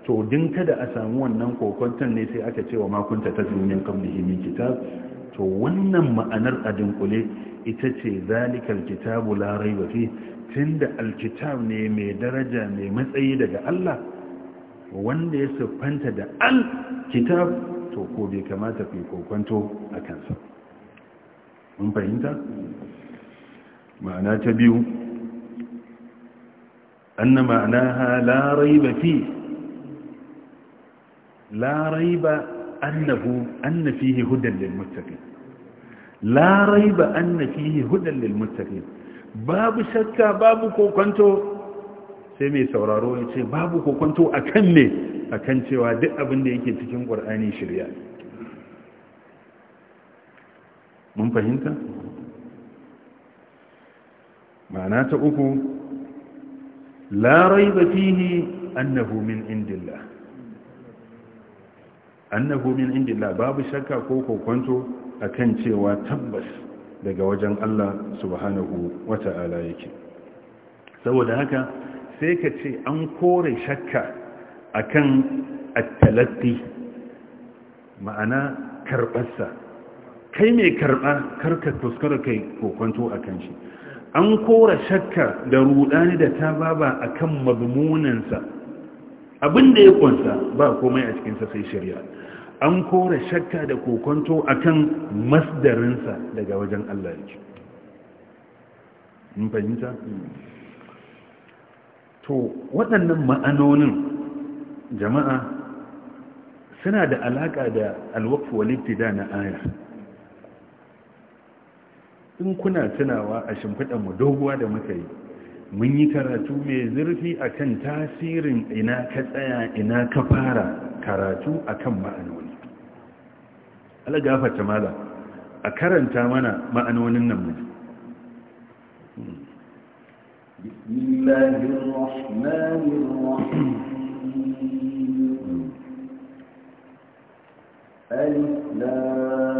to din kada a samu wannan kokwanton ne sai aka ce wa makunta ta zumin kablihi min kitab to wannan ma'anar a dunkule ita ce zalikal kitabu la raiba fi tunda alkitab ne mai daraja mai matsayi daga Allah wanda ya siffanta da alkitab to ko bai kamata fi kokwanto a kansa mun fahimta ma'ana ta biyu annama ma'anaha la larai fi la raiba annahu anna fihi hudan babu shakka babu kokonto sai mai sauraro ya ce babu kokonto akan ne akan cewa duk abin yake cikin qur'ani shirya mun fahimta ma'ana ta uku la raiba min annahu min indillah babu shakka ko kokonto akan cewa tabbas daga wajen Allah subhanahu wata'ala yake saboda haka sai ka ce an kore shakka akan at-talaqqi ma'ana karbarsa kai mai karba karka kuskura kai kokonto akan shi an kore shakka da rudani da ta baba akan abin abinda ya kunsa ba komai a cikinsa sai shari'a an kore shakka da kokonto akan masdarinsa daga wajen Allah yake in fahimta to waɗannan ma'anonin jama'a suna da alaƙa da alwaqf wal ibtida na aya in kuna tunawa a shimfiɗa mu doguwa da muka yi mun yi karatu mai zurfi akan tasirin ina ka tsaya ina ka fara karatu akan ma'anoni ala gafarta mala a karanta mana ma'anonin nan mu Bismillahirrahmanirrahim. alif lam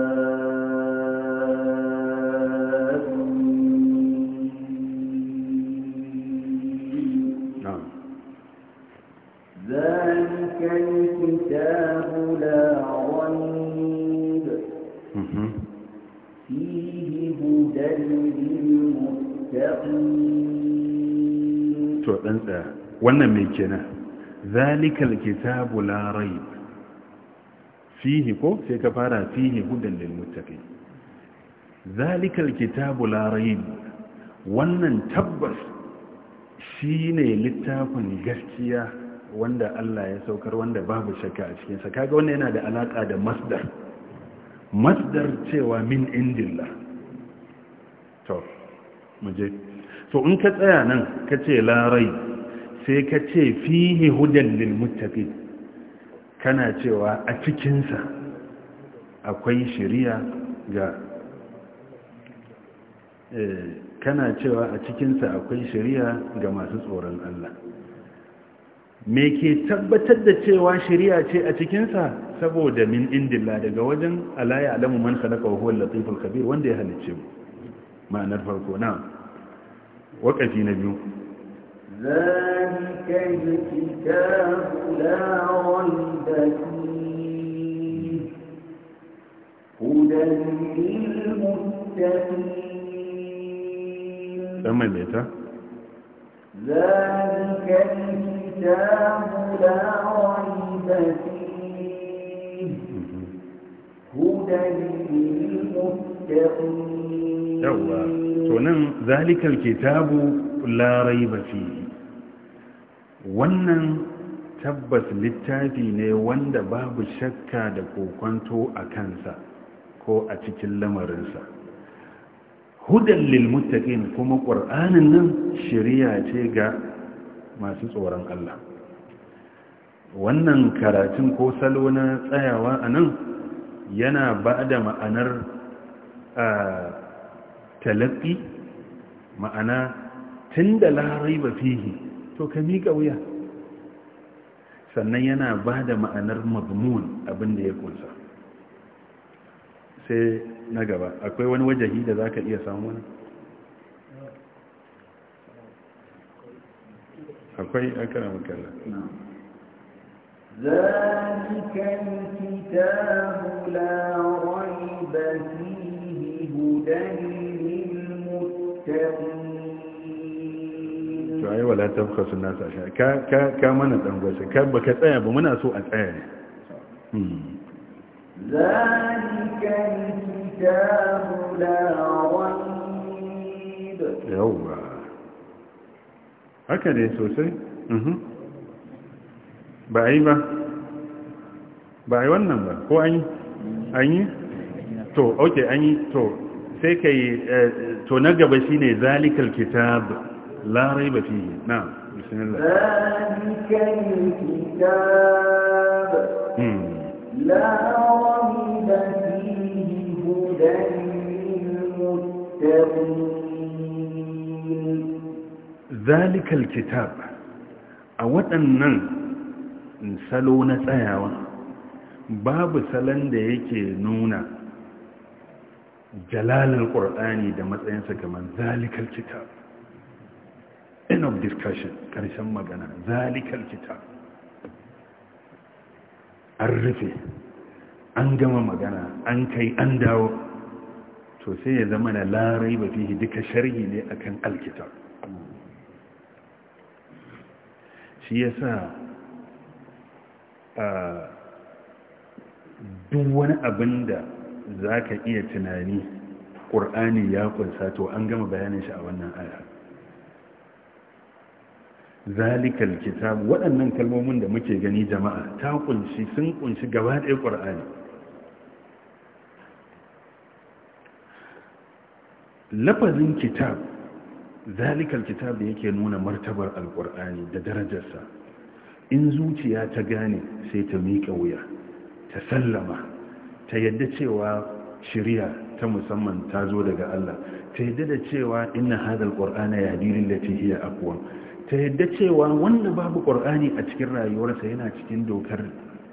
wannan mai kenan zalikal kitabu la raib fihi ko sai ka fara fihi hudan lil muttaqin zalikal kitabu la raib wannan tabbas shine littafin gaskiya wanda Allah ya saukar wanda babu shakka a cikinsa kaga wannan yana da alaka da masdar masdar cewa min indillah to muje so in ka tsaya nan ka ce larai sai ka ce fihi hudan lil kana cewa a cikin akwai shari'a ga eh, kana cewa a cikin akwai shari'a ga masu tsoron Allah me ke tabbatar da cewa shari'a ce a cikinsa saboda min indilla daga wajen alaya alamu man khalaqa wa huwa al-latiful khabir wanda ya halicce mu ma'anar farko na wakati na biyu ذلك الكتاب لا ريب فيه هدى للمتقين ذلك الكتاب لا ريب فيه هدى للمتقين يوه ذلك الكتاب لا ريب فيه wannan tabbas littafi ne wanda babu shakka da kokwanto a kansa ko a cikin lamarinsa hudan lilmuttaqin kuma ƙwar'anin nan shirya ce ga masu tsoron Allah wannan karatun ko salo na tsayawa a nan yana ba da ma'anar talaqi ma'ana tun da lahari ba fihi to ka miƙa wuya sannan yana ba da ma'anar mazmun abin da ya kunsa sai na gaba akwai wani wajahi da za ka iya samu wani akwai akara makalla ذلك الكتاب لا ريب فيه هدى للمتقين to ai wala tabkhasu nasa asha ka ka mana dan ka baka tsaya ba muna so a tsaya ne hmm. zalika kitabu haka ne sosai mhm. ba yi ba ba yi wannan ba ko an yi an yi to ok an yi to sai yi eh, to na gaba shi ne zalikal kitab لا ريب فيه نعم بسم الله ذلك الكتاب لا ريب فيه هدى للمتقين ذلك الكتاب أودنا سلون سياوة باب سلن da نونا جلال القرآن ƙur'ani da matsayinsa kamar zalikar end of discussion karshen magana zalikal kitab an rufe an gama magana an kai an dawo to sai ya zama na larai ba fihi duka sharhi ne akan alkitab shi yasa a duk wani abin da za ka iya tunani ƙur'ani ya kunsa to an gama bayanin shi a wannan aya zalikal kitab waɗannan kalmomin da muke gani jama'a ta kunshi sun kunshi gaba ɗaya ƙur'ani lafazin kitab zalikal kitab da yake nuna martabar alƙur'ani da darajarsa in zuciya ta gane sai ta miƙa wuya ta sallama ta yadda cewa shirya ta musamman ta zo daga Allah ta yadda da cewa inna hadal qur'ana da ta hiya aqwam ta yadda cewa wanda babu ƙur'ani a cikin rayuwarsa yana cikin dokar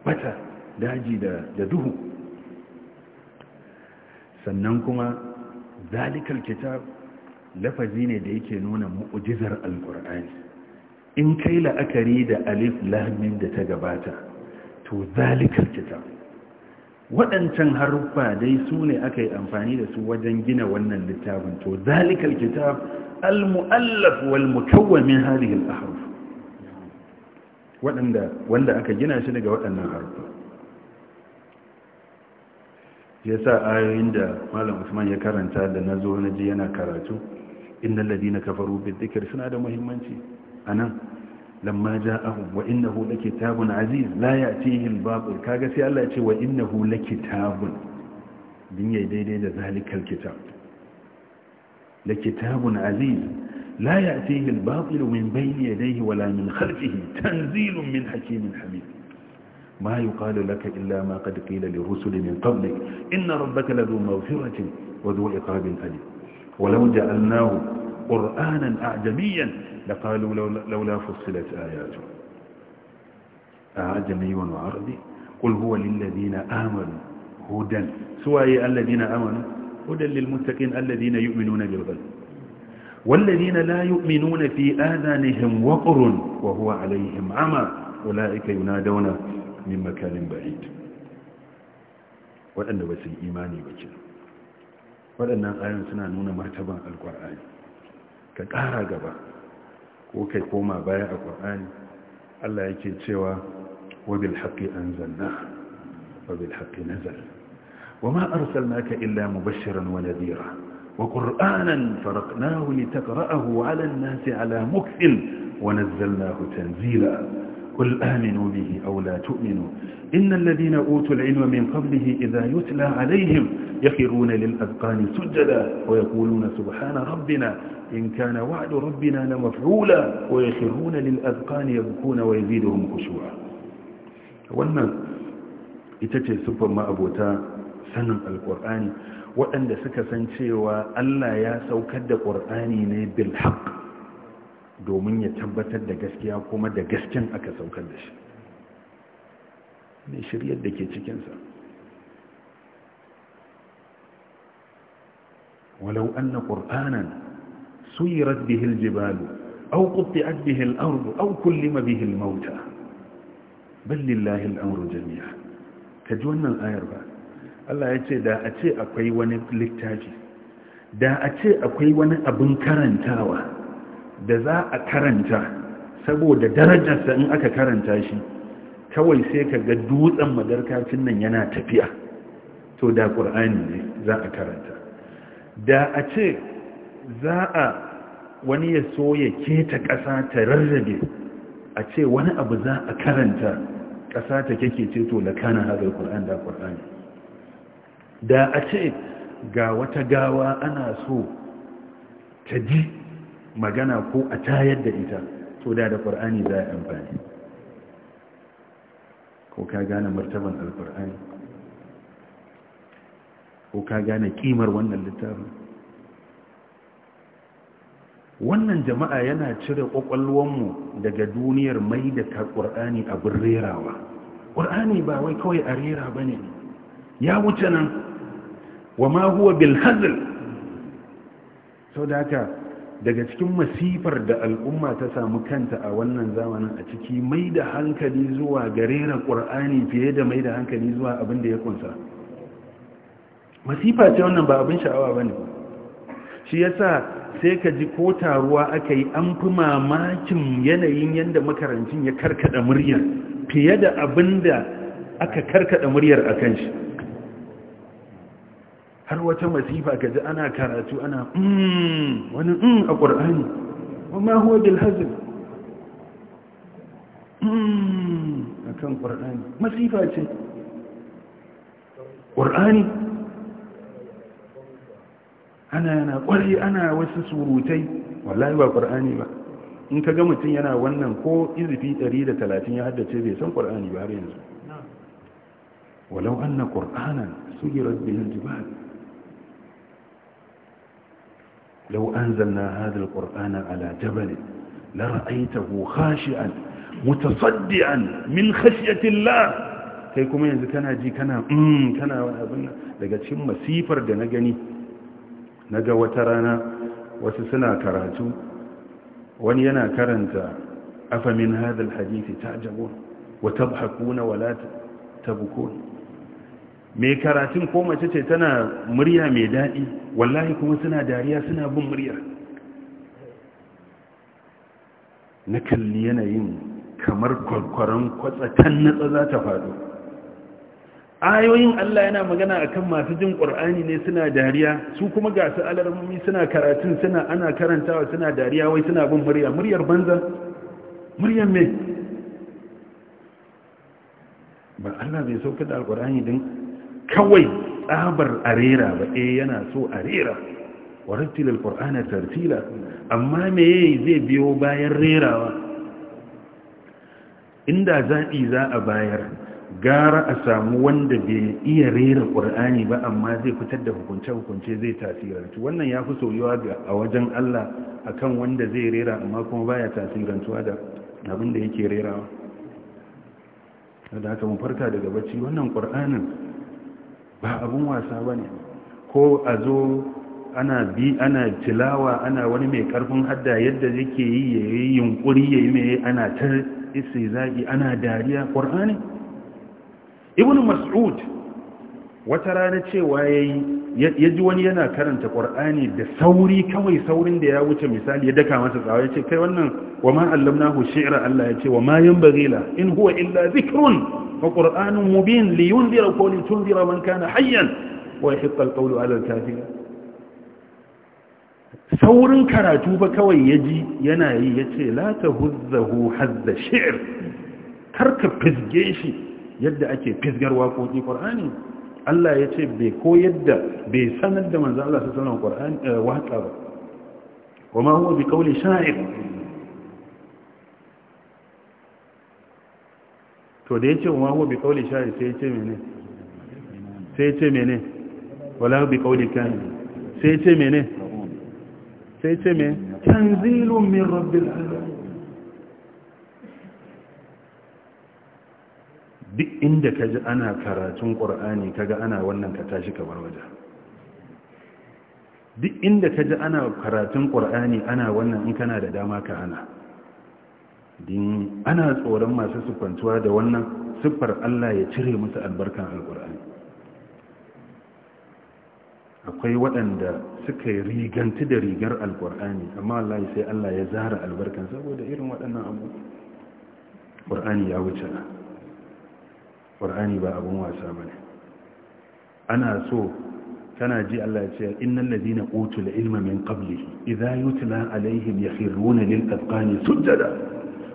bata daji da duhu sannan kuma zalikar kitab lafazi ne da yake nuna mu'ujizar alƙur'ani in kai la'akari da alif Lahamin da ta gabata to zalikar kitab waɗancan haruffa dai su ne aka yi amfani da su wajen gina wannan littafin to zalikal kitab al-mu'allaf wal mukawwam min hadhihi al-ahruf wanda aka gina shi daga waɗannan haruffa sa ayoyin da malam Usman ya karanta da na zo na je yana karatu innal ladina kafaru bi dhikri suna da muhimmanci nan? لما جاءهم وإنه لكتاب عزيز لا يأتيه الباطل كاغسي الله يأتي وإنه لكتاب يدي يديدي ذلك الكتاب لكتاب عزيز لا يأتيه الباطل من بين يديه ولا من خلفه تنزيل من حكيم حميد ما يقال لك إلا ما قد قيل للرسل من قبلك إن ربك لذو مغفرة وذو عقاب أليم ولو جعلناه قرآنا أعجميا لقالوا لولا فصلت آياته أعجمي وعربي قل هو للذين آمنوا هدى سواء الذين آمنوا هدى للمتقين الذين يؤمنون بالغيب والذين لا يؤمنون في آذانهم وقر وهو عليهم عمى أولئك ينادون من مكان بعيد وأن بس الإيمان يبجل وأن آيان سنانون مرتبا القرآن كقارا قبا ko kai koma baya a ƙwar'ani allah yake cewa wabil haƙi an zanna wabil haƙi nazar wa ma arsalnaka illa mubashiran wa nadira wa qur'anan faraqnahu litaqra'ahu 'ala an-nasi 'ala mukfin wa nazzalnahu tanzila قل آمنوا به أو لا تؤمنوا إن الذين أوتوا العلم من قبله إذا يتلى عليهم يخرون للأذقان سجدا ويقولون سبحان ربنا إن كان وعد ربنا لمفعولا ويخرون للأذقان يبكون ويزيدهم خشوعا wannan ita ce siffar ma'abota sanin alkur'ani waɗanda suka san cewa Allah ya saukar da ƙur'ani ne bil haqq domin ya tabbatar da gaskiya kuma da gasken aka saukar da shi ne shiryar da ke cikinsa walau an na ƙur'anan suyirar bihil jibalu au ƙutti'ar bihil ardu au kullima bihil mauta ballillahi al'amru jami'a ka ji wannan ayar ba Allah ya ce da a ce akwai wani littafi da a ce akwai wani abin karantawa da za a karanta saboda darajarsa in aka karanta shi kawai sai ka ga dutsen madarkacin nan yana tafiya to da ƙur'ani ne za a karanta da a ce za a wani ya so ya keta ƙasa ta rarrabe a ce wani abu za a karanta ƙasa ta kake ce to lakana haɗar ƙur'an da ƙur'ani da a ce ga wata gawa ana so ta ji magana ko a tayar da ita to da da za a amfani ko ka gane martaban alƙur'ani ko ka gane ƙimar wannan littafin wannan jama'a yana cire ƙwaƙwalwanmu daga duniyar mai da ta ƙur'ani abin rerawa ƙur'ani ba wai kawai a rera ba ne ya wuce nan wa ma huwa bil sau da haka daga cikin masifar da al'umma ta samu kanta a wannan zamanin a ciki mai da hankali zuwa garera ƙur'ani fiye da mai da hankali zuwa abin da ya kunsa masifa ce wannan ba abin sha'awa ba ne shi ya sa sai ka ji ko taruwa aka yi an fi mamakin yanayin yadda makarancin ya karkada muryar fiye da abin da aka karkada muryar a kan shi har wata masifa ka ji ana karatu ana mm, wani mm, a ƙwar'ani ma huwa bilhazin mm, a kan ƙwar'ani masifa ce ƙwar'ani ana yana ƙwari ana wasu surutai wallahi ba ƙwar'ani ba in ka ga mutum yana wannan ko izifi 130 ya haddace bai san ƙwar'ani ba har yanzu walau an na ƙwar'anan su yi rabbi jibali لو أنزلنا هذا القرآن على جبل لرأيته خاشعا متصدعا من خشية الله kai kuma yanzu kana ji kana mm kana abin daga cikin masifar da na gani naga wata rana wasu suna karatu wani yana karanta afamin hadal hadisi ta'jabun wa tadhakuna wa la tabkun mai karatun ko mace ce tana murya mai daɗi wallahi kuma suna dariya suna bin muryar na kalli yanayin kamar kwatsa kwatsatan natsa za ta faɗo ayoyin Allah yana magana a kan masu jin ƙur'ani ne suna dariya su kuma ga su alarmumi suna karatun suna ana karantawa suna dariya wai suna bin murya muryar banza muryar mai ba Allah bai sauka da alƙur'ani din kawai tsabar arera ba e yana so arera wa rattilal tartila amma me zai biyo bayan rerawa inda zaɓi za a bayar gara a samu wanda bai iya rera ƙur'ani ba amma zai fitar da hukunce-hukunce zai tasirantu wannan ya fi soyuwa a wajen allah akan wanda zai rera amma kuma baya tasirantuwa da abin da yake rerawa da haka mun farka daga bacci wannan ƙur'anin ba abun wasa ba ne ko a zo ana bi ana tilawa ana wani mai karfin hadda yadda yake yi ya yi yunkuri ya yi mai ana tar isai zagi ana dariya ƙwar'ani ibn mas'ud wata rana cewa ya ji wani yana karanta ƙwar'ani da sauri kawai saurin da ya wuce misali ya daka masa tsawa ya ce kai wannan wa ma hu shi'ra Allah ya ce wa ma yanbaghila in huwa illa zikrun وقرآن مبين لينذر ولتنذر من كان حيا ويحق القول على الكافر saurin karatu ba kawai ya ji yana yi ya ce la ta huzzahu hazza shi'ir karka fisge shi yadda ake fisgar waƙoƙi ƙwar'ani Allah ya ce bai koyar da bai sanar da manzan Allah su waƙa ba wa ma huwa bi kauli sha'ir to da ya ce wa huwa bi kauli sha'ir sai ya ce mene sai ya ce mene wala bi kauli kan sai ya ce mene sai ya ce mene tanzilun min rabbil alamin duk inda ka ji ana karatun ƙur'ani kaga ana wannan ka tashi kamar waje duk inda ka ji ana karatun ƙur'ani ana wannan in kana da dama ka ana. din ana tsoron masu sufantuwa da wannan siffar Allah ya cire musu albarkan alkur'ani akwai waɗanda suka yi riganti da rigar alkur'ani amma Allah sai Allah ya zara albarkan saboda irin waɗannan abu ƙur'ani ya wuce ƙur'ani ba abin wasa ba ne ana so kana ji Allah ya ce innal ladina utul ilma min qablihi idza yutla alaihim yakhruna lil azqani sujada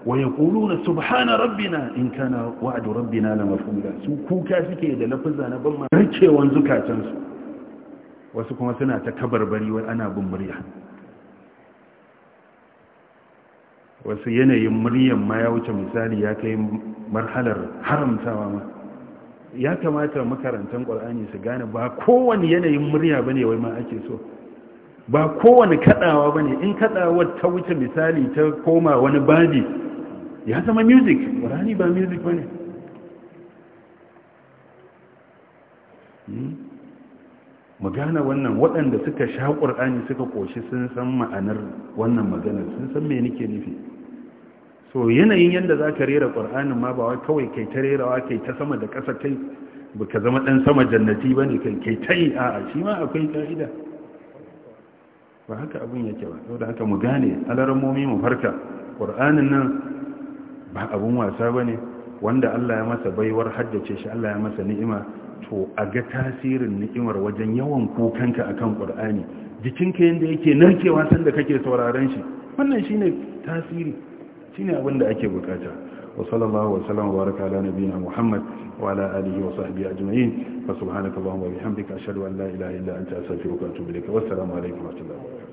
ويقولون سبحان ربنا إن rabbina وعد ربنا Su kuka suke da lafuza na ban marcewan zukatansu wasu kuma suna ta kabarbari wai ana bin murya wasu yanayin muryan ma ya wuce misali ya kai marhalar haramtawa ma ya kamata makarantan ƙwar'ani su gane ba kowane yanayin murya bane wai ma ake so ba kowane kadawa bane in kaɗawa ta wuce misali ta koma wani babi ya zama music ƙur'ani ba music ba ne hmm? mu wannan waɗanda suka sha ƙur'ani suka ƙoshi sun san ma'anar wannan maganar sun san me nake nufi so yanayin yadda za ka rera ƙur'anin ma ba kawai kai ta rerawa kai ta sama da ƙasa kai ba ka zama ɗan sama jannati ba ne kai ta yi a'a shi ma akwai ƙa'ida ba haka abin yake ba da haka mu gane alarmomi mu farka ƙur'anin nan ba abun wasa ba ne wanda Allah ya masa baiwar haddace shi Allah ya masa ni'ima to a ga tasirin ni'imar wajen yawan kukanka akan Qur'ani jikinka yadda yake narkewa da kake sauraron shi wannan shine tasiri shine abin da ake bukata wa sallallahu wa sallam wa baraka ala nabiyyina Muhammad wa ala alihi wa sahbihi ajma'in fa subhanaka allahumma wa bihamdika ashhadu an la ilaha illa anta astaghfiruka wa atubu ilaik wa assalamu alaikum wa rahmatullahi